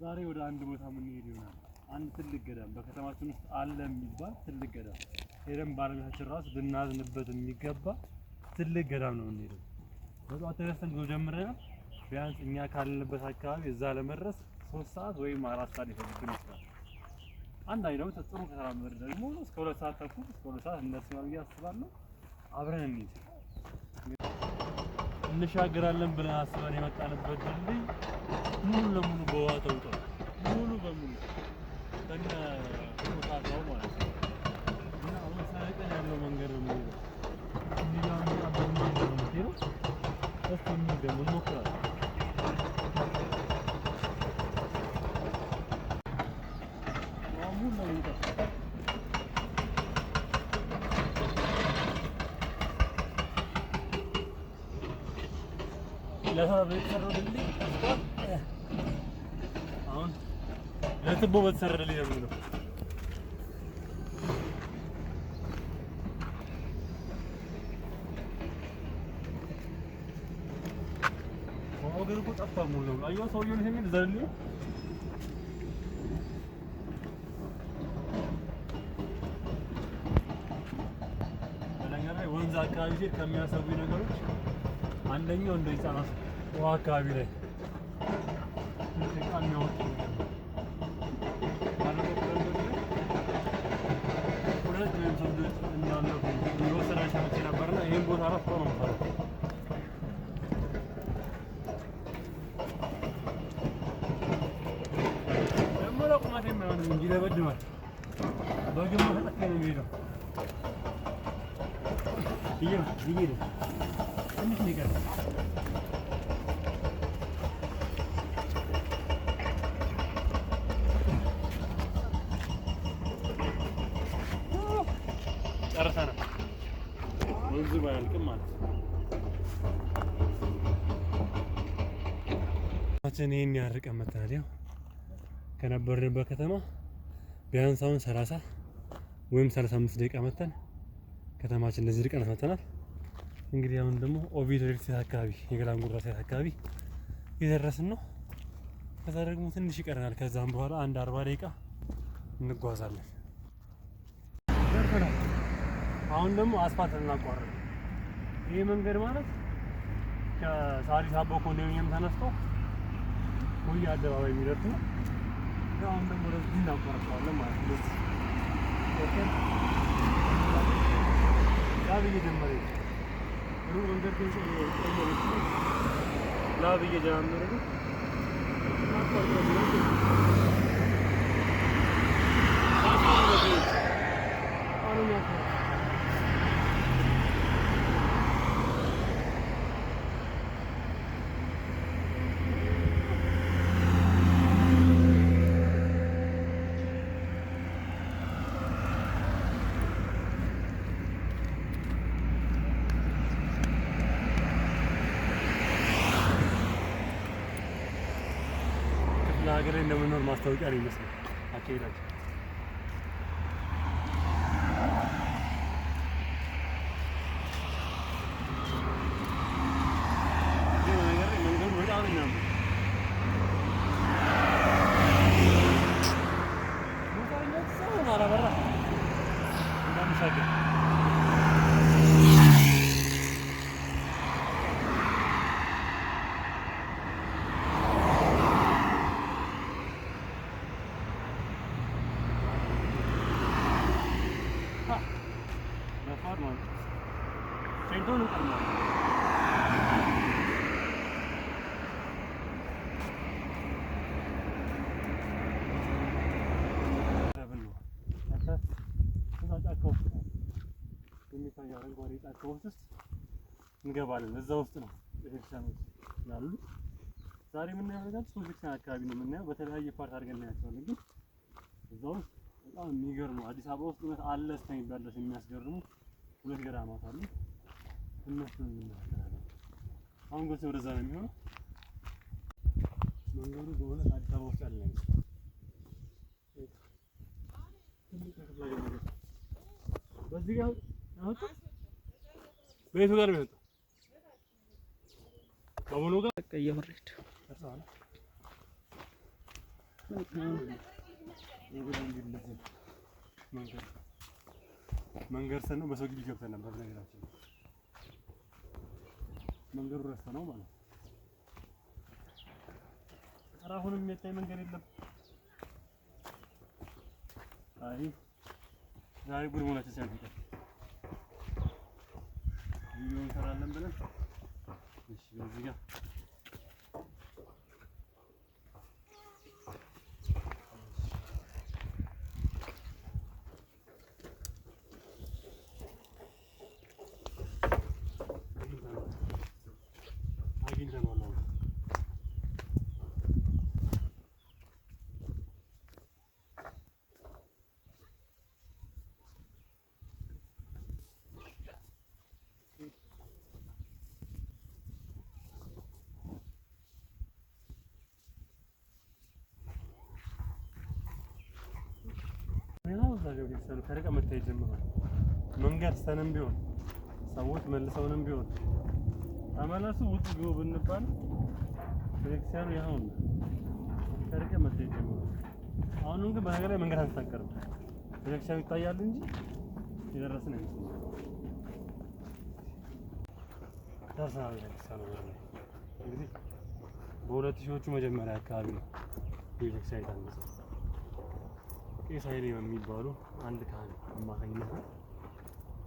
ዛሬ ወደ አንድ ቦታ የምንሄድ ይሆናል። አንድ ትልቅ ገዳም በከተማችን ውስጥ አለ የሚባል ትልቅ ገዳም ሄደን ባለቤታችን ራሱ ልናዝንበት የሚገባ ትልቅ ገዳም ነው የምንሄደው። በጠዋት ተነስተን ጉዞ ጀምረናል። ቢያንስ እኛ ካለንበት አካባቢ እዛ ለመድረስ ሶስት ሰዓት ወይም አራት ሰዓት ሊፈጅብን ይችላል። አንድ አይ ደግሞ ጥሩ ከተራመድ ደግሞ እስከ ሁለት ሰዓት ተኩል እስከ ሁለት ሰዓት እንደርሳለን ብዬ አስባለሁ። አብረን እንሂድ። እንሻገራለን ብለን አስበን የመጣንበት ድልድይ ሙሉ ለሙሉ በውሃ ተውጧል። ሙሉ በሙሉ ከነ ቦታው ማለት ነው እና አሁን ያለው መንገድ ነው ለሰበብ የተሰራው ለትቦ በተሰራ ነው የሚለው። እኮ ጠፋ ሙሉ ነው። ሰውዬውን ይሄን ዘልኝ ወንዝ አካባቢ ሲሄድ ነገሮች አንደኛው እንደ Muhakkak abiyle. Tekrar yol. Yiyelim, yiyelim. Şimdi ne kadar? ጨርሰናል። ወንዙ ባያልቅም ማለት ነው። ይህን ያርቀን መተናል። ያው ከነበርንበት ከተማ ቢያንስ አሁን 30 ወይም 35 ደቂቃ መተን ከተማችን እንደዚህ ርቀን መተናል። እንግዲህ አሁን ደግሞ ኦቪድ ሬል ስቴት አካባቢ የገላንጉራ ሳይት አካባቢ የደረስን ነው። ከዛ ደግሞ ትንሽ ይቀረናል። ከዛም በኋላ አንድ አርባ ደቂቃ እንጓዛለን። አሁን ደግሞ አስፋልት እናቋረጥ። ይህ መንገድ ማለት ከሳሪስ አቦ ኮንዶሚኒየም ተነስቶ ሁሌ አደባባይ የሚደርስ ነው። አሁን ደግሞ ወደዚህ እናቋርጠዋለን ማለት ነው። ላብ እየጀመረ ነው መንገድ ግን ላብ እየጀመረ ነው። እንደምኖር ማስታወቂያ ነው ይመስላል አካሄዳቸው። መንገዱ በጣም ነው አሁን እንቀርመዋለን። የሚታየው አረንጓዴ ጫካ ውስጥ እንገባለን። እዛ ውስጥ ነው ቤተክርስቲያኖች ስላሉ ዛሬ የምናየው ነገር ሶስት ቤተክርስቲያን አካባቢ ነው የምናየው። በተለያየ ፓርት አድርገን እናያቸዋለን። ግን እዛ ውስጥ በጣም የሚገርሙ አዲስ አበባ ውስጥ እውነት አለ እስከሚባል ድረስ የሚያስገርሙ ሁለት ገዳማት አሉ። እናት ነው የሚናገረው። አሁን ጎልቶ ወደዛ ነው የሚሆነው። መንገዱ በእውነት አዲስ አበባ ውስጥ ያለ ነገር በዚህ ጋር አሁን ቤቱ ጋር ነው የመጣው ከሆኑ ጋር በቃ እየወረደ መንገድ መንገድ በሰው ግቢ ገብተን ነበር ነገራችን መንገዱ ረስተ ነው ማለት ነው። ኧረ አሁንም የታይ መንገድ የለም። አይ ዛሬ ጉድ መሆናችን ሲያንፈጠን ቪዲዮ እንሰራለን ብለን እሺ በዚህ ጋር ቤተክርስቲያኑ ከርቀ መታየት ጀምሯል። መንገድ ሰንም ቢሆን ሰዎች መልሰውንም ቢሆን ተመለሱ ውጡ ግቡ ብንባል ቤተክርስቲያኑ ያሁን ከርቀ መታየት ጀምሯል። አሁንም ግን በነገር ላይ መንገድ አንስተካከርም። ቤተክርስቲያኑ ይታያል እንጂ የደረስን አይመስለኝም። ደርሰናል ቤተክርስቲያኑ ላይ እንግዲህ በሁለት ሺዎቹ መጀመሪያ አካባቢ ነው ቤተክርስቲያን የታነጸው። ቄስ ኃይሌ የሚባሉ አንድ ካህን አማካኝነት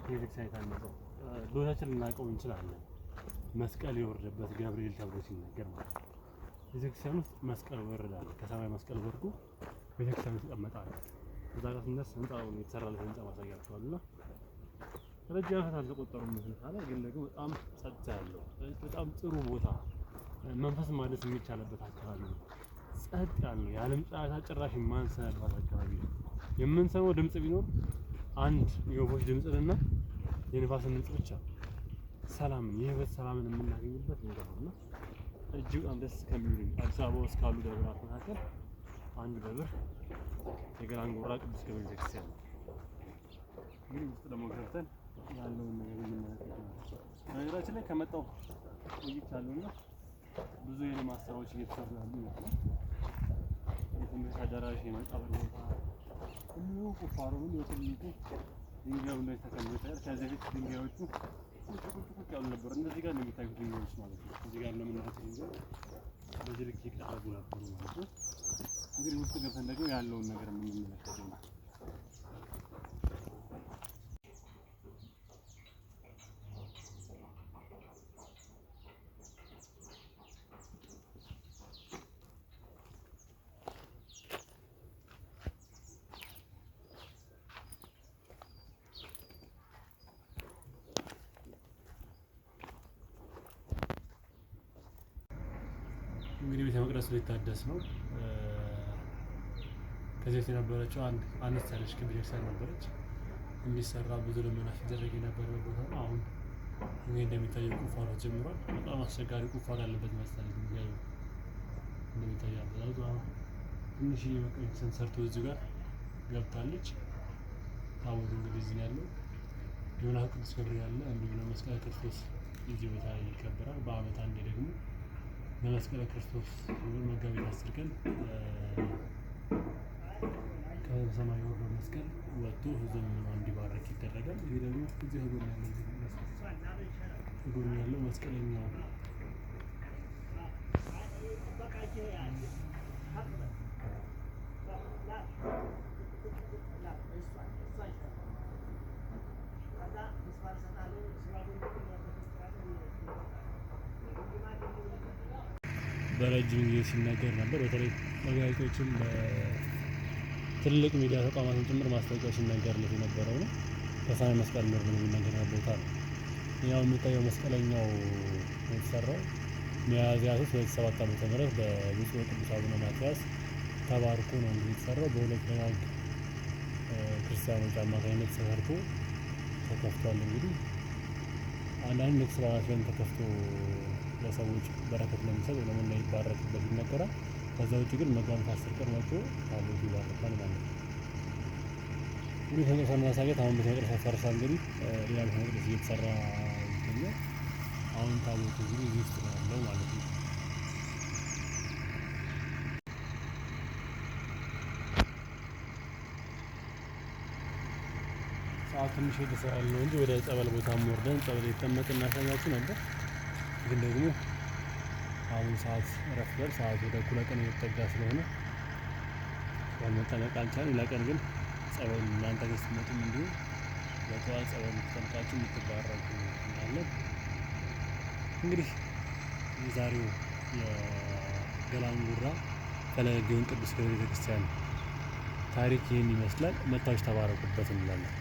ቤተክርስቲያን የታነጸው ብዙዎቻችን ልናውቀው እንችላለን። መስቀል የወረደበት ገብርኤል ተብሎ ሲነገር ማለት ነው። ቤተክርስቲያን ውስጥ መስቀል ወርዳል። ከሰማይ መስቀል ወርዶ ቤተክርስቲያን ውስጥ ይቀመጣል። እዛ ጋር ስንደርስ ህንጻውን የተሰራለት ህንጻ ማሳያቸዋልና ረጅም ዓመታት አልተቆጠሩም። ህንጻ ላይ ግን ደግሞ በጣም ጸጥታ ያለው በጣም ጥሩ ቦታ መንፈስ ማለት የሚቻለበት አካባቢ ነው። ጸጥ ያለ ነው። የዓለም ጫጫታ ጭራሽ የማንሰማበት አካባቢ ነው። የምንሰማው ድምጽ ቢኖር አንድ የወፎች ድምጽና የንፋስን ድምጽ ብቻ ሰላምን የህይወት ሰላምን የምናገኝበት እንደሆነ እጅግ በጣም ደስ ከሚሉኝ አዲስ አበባ ውስጥ ካሉ ደብራት መካከል አንዱ ደብር ቅዱስ ገብርኤል ቤተክርስቲያን ነው። እንግዲህ ውስጥ ደግሞ ገብተን ያለውን ነገር ነገራችን ላይ ከመጣው ቆይቻለሁና ብዙ የልማት ስራዎች እየተሰሩ ያሉ ነው። የኮንግረስ አዳራሽ የመቃብር ቦታ ሁሉ ቁፋሮ ሁሉ በትልቁ ድንጋዩ እንደተቀመጠ ከዚህ በፊት ድንጋዮቹ ቁጭ ቁጭ ቁጭ ያሉ ነበር። እነዚህ ጋር እንደሚታዩት ድንጋዮች ማለት ነው። እዚህ ጋር እንደምናያቸው ድንጋይ በዚህ ልክ ይቀረቡ ነበሩ ማለት ነው። እንግዲህ ውስጥ ገብተን ደግሞ ያለውን ነገር የምንመለከተው ነው። ቅርሱ ሊታደስ ነው። ከዚህ በፊት የነበረችው አነስ ያለች ክብ ቤተክርስቲያን ነበረች። እንዲሰራ ብዙ ልመና ሲደረግ የነበረ ቦታ ነው። አሁን እንግዲህ እንደሚታየው ቁፋሮ ጀምሯል። በጣም አስቸጋሪ ቁፋሮ ያለበት ይመስላል። የሚታየው እንደሚታየው አበዛዙ ትንሽ መቀኝትን ሰርቶ እዚሁ ጋር ገብታለች። ታቦት እንግዲህ እዚህ ያለው የመልአኩ ቅዱስ ገብርኤል ያለ እንዲሁም መስቀል ክርስቶስ እዚህ ቦታ ይከበራል። በአመት አንዴ ደግሞ በመስቀለ ክርስቶስ መጋቢት አስር ቀን ከሰማይ ወርዶ መስቀል ወጥቶ ህዝብ እንዲባረክ ይደረጋል። ይህ ደግሞ እዚህ ህዝብ ያለው ህጎን ያለው መስቀለኛው ለረጅም ጊዜ ሲነገር ነበር። በተለይ በጋዜጦችም በትልቅ ሚዲያ ተቋማትም ጭምር ማስታወቂያ ሲነገርለት የነበረው ነው። ከሰማይ መስቀል ምር ብሎ የሚነገር ቦታ ነው። ያው የሚታየው መስቀለኛው የተሰራው ሚያዝያ ሶስት ሁለት ሰባት ዓመተ ምህረት በብፁዕ ቅዱስ አቡነ ማትያስ ተባርኮ ነው እንግዲህ የተሰራው በሁለት ደናግ ክርስቲያኖች አማካኝነት ተሰርቶ ተከፍቷል። እንግዲህ አንዳንድ ንቅስ በዓላት ላይም ተከፍቶ ለሰዎች በረከት ለሚሰጥ ወይ ለምን ላይ ይባረክበት ይነገራል። ከዛ ውጭ ግን መጋቢት አስር ቀን መጥቶ ታቦቱ ይባረካል ማለት ነው። እንግዲህ ቤተ ማሳየት አሁን ቤተ መቅደስ ፈርሷል። እንግዲህ ሌላ ቤተ መቅደስ እየተሰራ ይገኛል። አሁን ታቦቱ እንግዲህ እዚህ ውስጥ ነው ያለው ማለት ነው። ሰዓት ትንሽ የተሰራ ነው እንጂ ወደ ጸበል ቦታ ወርደን ጸበል የተጠመቅን እናሳያችሁ ነበር። ግን ደግሞ አሁን ሰዓት ረፍዷል። ሰዓት ወደ እኩለ ቀን እየተጠጋ ስለሆነ መጠመቅ አልቻልም። ለቀን ግን ጸበል እናንተ ቤት ስትመጡም እንዲሁ ለጠዋት ጸበል ተጠምቃችሁ የምትባረኩ እናለን። እንግዲህ የዛሬው የገላንጉራ ፈለገ ግዮን ቅዱስ ገብርኤል ቤተክርስቲያን ታሪክ ይህን ይመስላል። መታዎች ተባረኩበት እንላለን።